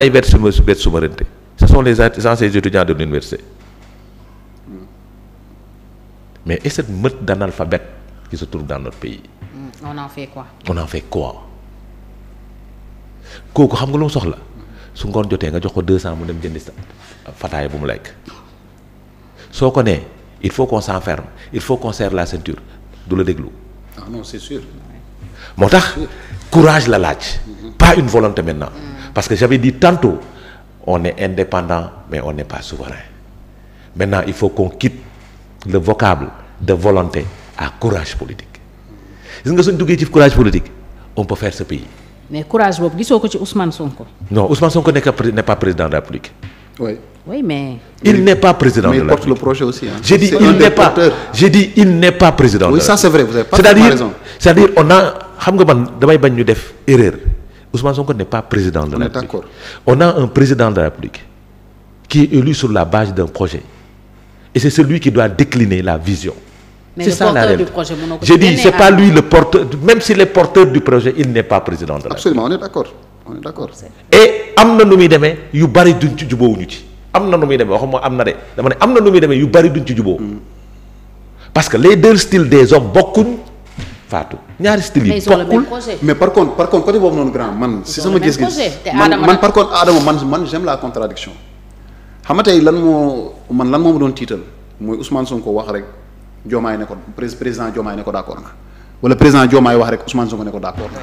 ay vers vers souveraineté ce sont les anciens étudiants de et cette meute d'analphabètes qui se trouve dans notre pays. Mm, kooku xam nga lu soxla su ngoon jotee nga jox ko 200 mu dem jëndi fataaya bu mu lekk soo ko nee il faut qu'on s'enferme il faut qu'on serre la ceinture du la déglu. Ah moo tax courage la laaj. Mm-hmm. pas une volonté maintenant. Mm. Parce que j'avais di tantôt, on est indépendant, mais on n'est pas souverain. Maintenant, il faut qu'on quitte le vocable de volonté à courage politique. gis nga suñ duggee ci courage politique on peut faire ce pays. mais courage boobu gisoo ko ci Ousmane Sonko. non Ousmane Sonko n'est pas président de la République. oui oui mais. pas président de la République le projet aussi hein. j'ai dit il n'est pas j'ai dit il n'est c'est à dire c'est-à-dire on a xam nga man damay bañ ñu def erreur. Ousmane Sonko n'est pas président de la République. On a un président de la République qui est élu sur la base d'un projet. Et c'est celui qui doit décliner la vision. C'est ça la réalité. J'ai dit, c'est pas lui le porteur, même s'il est porteur du projet, il n'est pas président de la Absolument, on est d'accord. On est d'accord. Et am na nu muy demee yu du duñ ci ñu ci am na nu muy demee waxuma am na de dama ne am na nu muy demee yu bari duñ ci jubóo mm. parce que les deux styles des hommes bokkuñ faatu ñaari style yi bokkul mais par contre par contre côté boobu noonu grand man si sama gis-gis man man par contre Adama man man j'aime la contradiction xam lan moo man lan moo ma doon tiital mooy Ousmane Sonko wax rek Diomaye ne ko na wala président Diomaye wax rek Ousmane Sonko ne ko d'accord na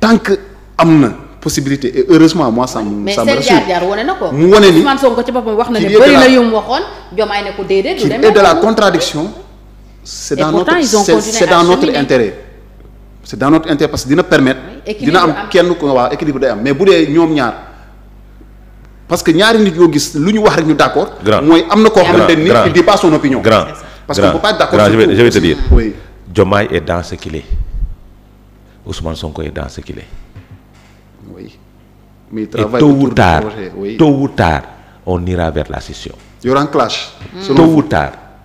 tant que am na possibilité et heureusement moi ça me ça me rassure mais na ko mu wane ni Ousmane Sonko ci boppam wax na ne bëri na yu mu waxoon Diomaye ne ko c'est dans pourtant, notre c'est dans notre cheminer. intérêt c'est dans notre intérêt parce que dina permettre dina am kenn ko waaw équilibre day am mais bu dee ñoom ñaar parce que ñaari nit ñoo gis lu ñu wax rek ñu d'accord mooy am na ko xamante ni il dit pas son opinion grand parce qu'on peut pas d'accord je vais je vais te dans ce qu'il est Sonko est dans ce qu'il est oui mais tôt ou tard tôt ou la session il y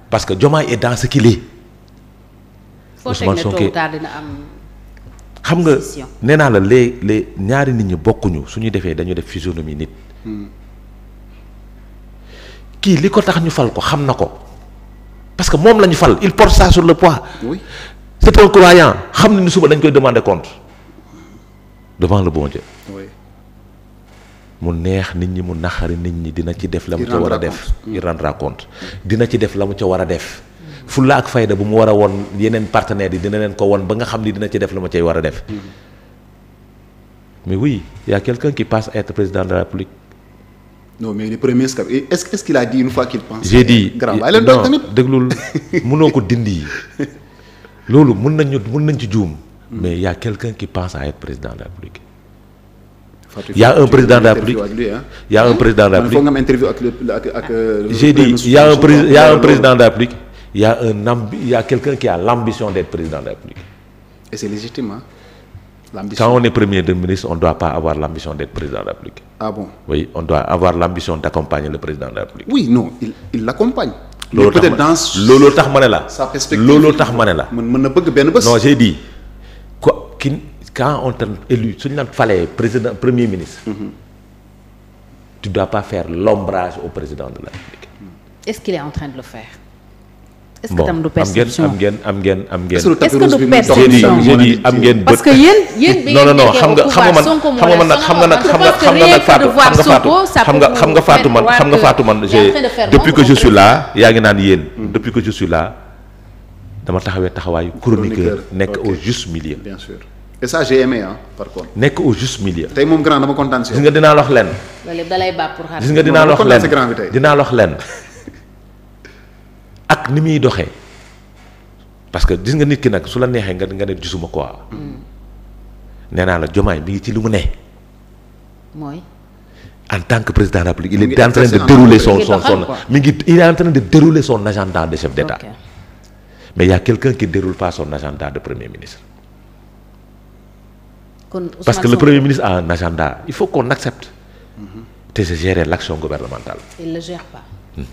parce que Diomaye est dans ce qu'il est. Ousmane Sonko xam nga nee naa la les les ñaari nit ñi bokkuñu su ñu defee dañu def physionomie nit. kii li ko tax ñu fal ko xam na ko parce que moom la ñu fal il porte ça sur le pois oui c'est un xam na ni suba dañ koy demander compte devant le bon mu neex nit ñi mu naxari nit ñi dina ci def la mu ca war a def il rendra compte dina ci def la mu ca war a def fulla ak fayda bu mu war a won yeneen partenaires yi dina leen ko won ba nga xam ni dina ci def la ma cay war a def mais oui y a quelqu'un qui passe à être président de mais le premier scap est-ce est-ce qu'il a dit une fois qu'il ko dindi loolu mën nañu mën nañ ci juum hmm. mais a quelqu'un qui pense à président de la République y a un président de la République y a un président de la République foog nga am interview ak ak j'ai dit y a un président y a un président de la République y a un ambi y a quelqu'un qui a l'ambition d'être président de la République et c'est légitime hein l'ambition quand on est premier ministre on doit pas avoir l'ambition d'être président de la République ah bon oui on doit avoir l'ambition d'accompagner le président de la République oui non il il l'accompagne loolu tax peut-être dans loolu tax ma ne la sa perspective loolu tax ma ne la mën na bëgg benn bés non j'ai dit quoi ki quand on t'a élu suñu la falee président premier ministre. Mm-hmm. tu dois pas faire l'ombrage au président de la République. Mm-hmm. ce qu'il en train de le faire. est-ce que tam du perception am ngeen am ngeen am ngeen. est-ce que du perception am ngeen bët. parce que yéen yéen bi ngeen nekkee xam nga xam nga xam nga nag xam nga xam nga nag Fatou xam nga xam nga faatu man xam nga Fatou man j'ai mm-hmm. depuis que je suis là yaa ngi naan yéen. depuis que je suis dama taxawee taxawaayu chroniqueur nekk au juste milieu. et ça par contre. nekk au juste milieu. tey moom grand dama kontaan si. gis nga dinaa wax lenn. loolu yëpp da lay dinaa wax lenn ak ni muy doxee parce que dis nga nit ki nag su la neexee nga nga ne gisuma quoi. Hmm. nee naa la jomaay mi ngi ci li mu ne. mooy. en tant que président de la République il est en train de dérouler son son son ngi il est en train de dérouler son agenda de chef d'État mais y a quelqu'un qui déroule pas de premier ministre. kon parce que le premier ministre a un il faut qu'on accepte te c'est gérer l'action gouvernementale. il le gère pas. Hmm.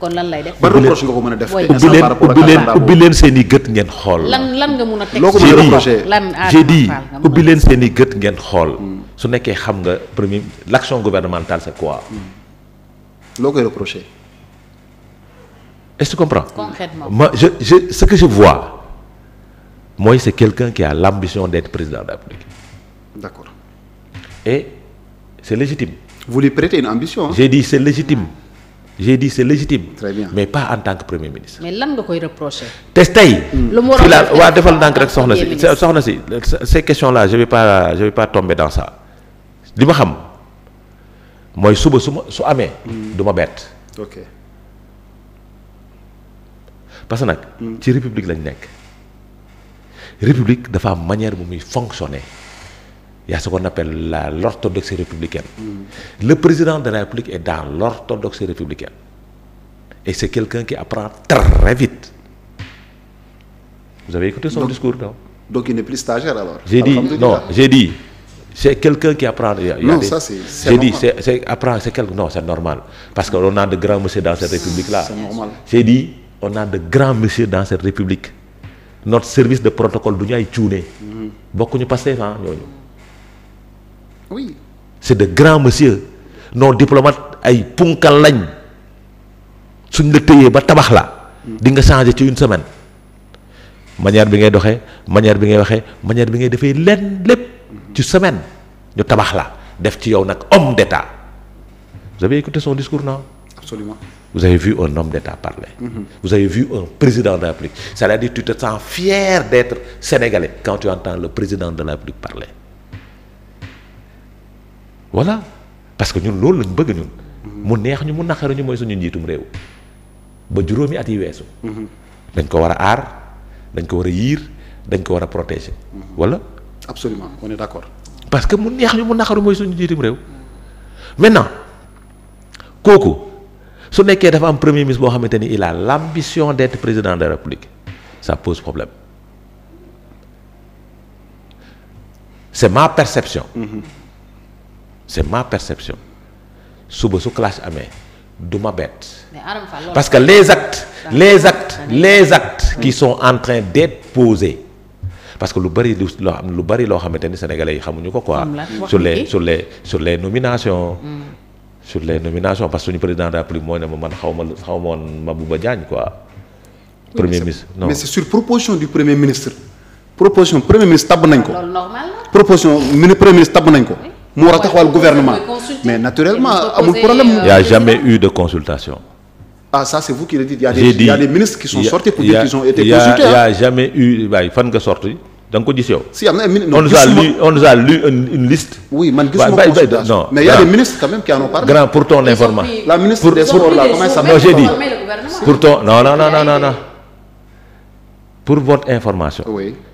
kon lan lay def. ban reproche nga mën a def. ubbi leen ubbi gët ngeen xool. lan lan nga mën a lan j'ai leen seen i gët xool. Hmm. su nekkee xam nga premier l'action gouvernementale c'est quoi. Hmm. est-ce que ma je je que je vois. mooy c'est quelqu'un qui a l'ambition d'être président de la République. d'accord. et c'est légitime. vous lui prêtez une ambition. j'ai dit c'est légitime. j'ai dit c'est légitime. mais pas en tant que premier ministre. mais lan nga koy reprocher. te tey. Hmm. lu mu waa defal ndànk rek soxna si soxna si ces questions là je vais pas je vais pas tomber dans ça li ma xam mooy suba su ma su amee. Hmm. du bett. ok parce que nag. Hmm. ci république lañ nekk. république dafa am manière bu muy fonctionner y a ce qu'on la l'orthodoxie républicaine mm. le président de la république est dans l'orthodoxie républicaine et c'est quelqu'un qui apprend très vite vous avez écouté son discours donc il n'est plus stagiaire alors j'ai dit non j'ai dit c'est quelqu'un qui apprend a non, j'ai dit c'est apprend c'est quelque non c'est normal parce que on a de grands messieurs dans cette république là j'ai dit on a de grands messieurs notre service de protocole du ñu ay cuune bokkuñu Pastef ah ñooñu oui c'est de grands messieurs nos diplomates ay punkal lañ suñ la téyee ba tabax la di nga changer ci une semaine manière bi ngay doxee manière bi ngay waxee manière bi ngay defee lenn lépp ci semaine ñu tabax la def ci yow nag homme d'État vous avez écouté son discours non vous avez vu un homme d'État parler. Mm -hmm. vous avez vu un président de la République c'est-à-dire tu te sens fier d'être sénégalais quand tu entends le président de la République parler voilà parce que ñun loolu lañ bëgg ñun. Mhm. mu neex ñu mu naqari ñu mooy suñu njiitum réew. ba juróomi at yi weesu. Mhm. dañ ko war a aar dañ ko war a yiir dañ ko war a protéger. wala. Mhm. absolument on est d'accord. parce que mu neex ñu mu naqari mooy suñu njiitum réew. maintenant kooku. su nekkee dafa am premier ministre boo xamante ni il a l'ambition d'être président de la République ça pose problème c'est ma perception. Mmh. c'est ma perception suba su clash amee du ma bett. parce que les actes les actes les actes mhm. qui son en train d'être posés parce que lu bari lu loo xam lu bari loo xamante ni sénégalais yi xamuñu ko quoi. sur les sur les sur les nomination mhm. sur les nominations parce que suñu président de la République moo ne ma man xaw ma xaw ma woon Mabouba Diagne premier ministre mais c'est sur proposition du premier ministre. proposition premier ministre tabb nañ ko. loolu normal la. proposition premier ministre tabb nañ ko. mu war a taxawal gouvernement. mais naturellement amul problème. Euh, il y a jamais eu de consultation. ah ça c'est vous qui des ministres qui sont sortis pour dire qu'ils ont été consultés. il jamais eu waaye fan nga sorti. da nga ko yow. on nous a lu on nous a lu une liste. oui man gisuma consultation non mais des ministres quand même qui en ont parlé. grand pour information. la ministre des sports là pour ton non non non pour votre information.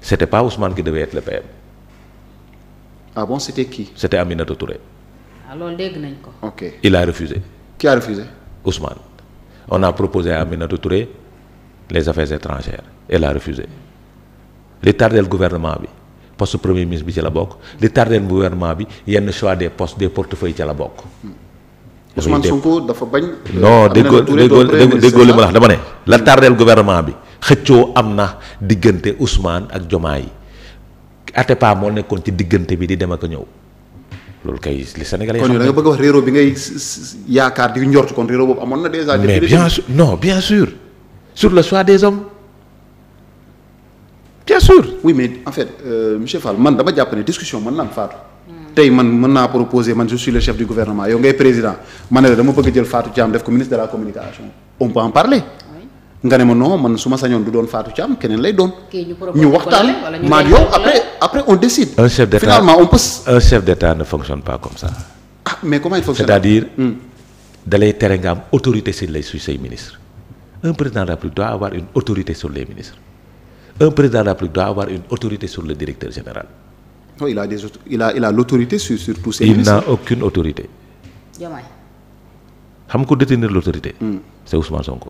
c'était pas Ousmane qui devait être le PM. Ah c'était qui. Touré. Ah, il a refusé. qui on a proposé à Touré les affaires étrangères elle a refusé. li tardeel gouvernement bi poste premier ministre bi ci la bokk li tardeel gouvernement bi yenn choix des postes des portefeuilles ci la bokk. Ousmane Sonko dafa bañ. Euh, non déggoo déggoo déggoo li ma wax dama ne. la tardeel gouvernement bi xëccoo am na diggante Ousmane ak Jomaay yi Atepa moo nekkoon ci diggante bi di dem ak ñëw. loolu kay li Sénégalais kon da nga bëgg wax réeróo bi ngay yaakaar di njort kon réeróo boobu amoon na déjà. mais bien sûr non bien bien sûr oui mais en fait euh, monsieur man dama jàpp ne discussion mën na am Fatou. tey man mën naa proposer man je suis le chef du gouvernement yow ngay président ma ne la dama bëgg jël Fatou Thiam def ma sañoon du doon Fatou Thiam keneen lay doon. ñu waxtaan maa yow après après on décide. un chef d'état finalement on peut. un chef d'état ne fonctionne pas comme ça. ah mais comment il fonctionne hmm. tere nga am autorité sur les sur say un président de la République une autorité sur les un président de la République doit avoir une autorité sur le directeur général. non il a des il a il a l'autorité sur sur tous ces. il n'a aucune autorité. Diomaye. xam nga ko détenir l'autorité. Hmm. c'est Ousmane Sonko.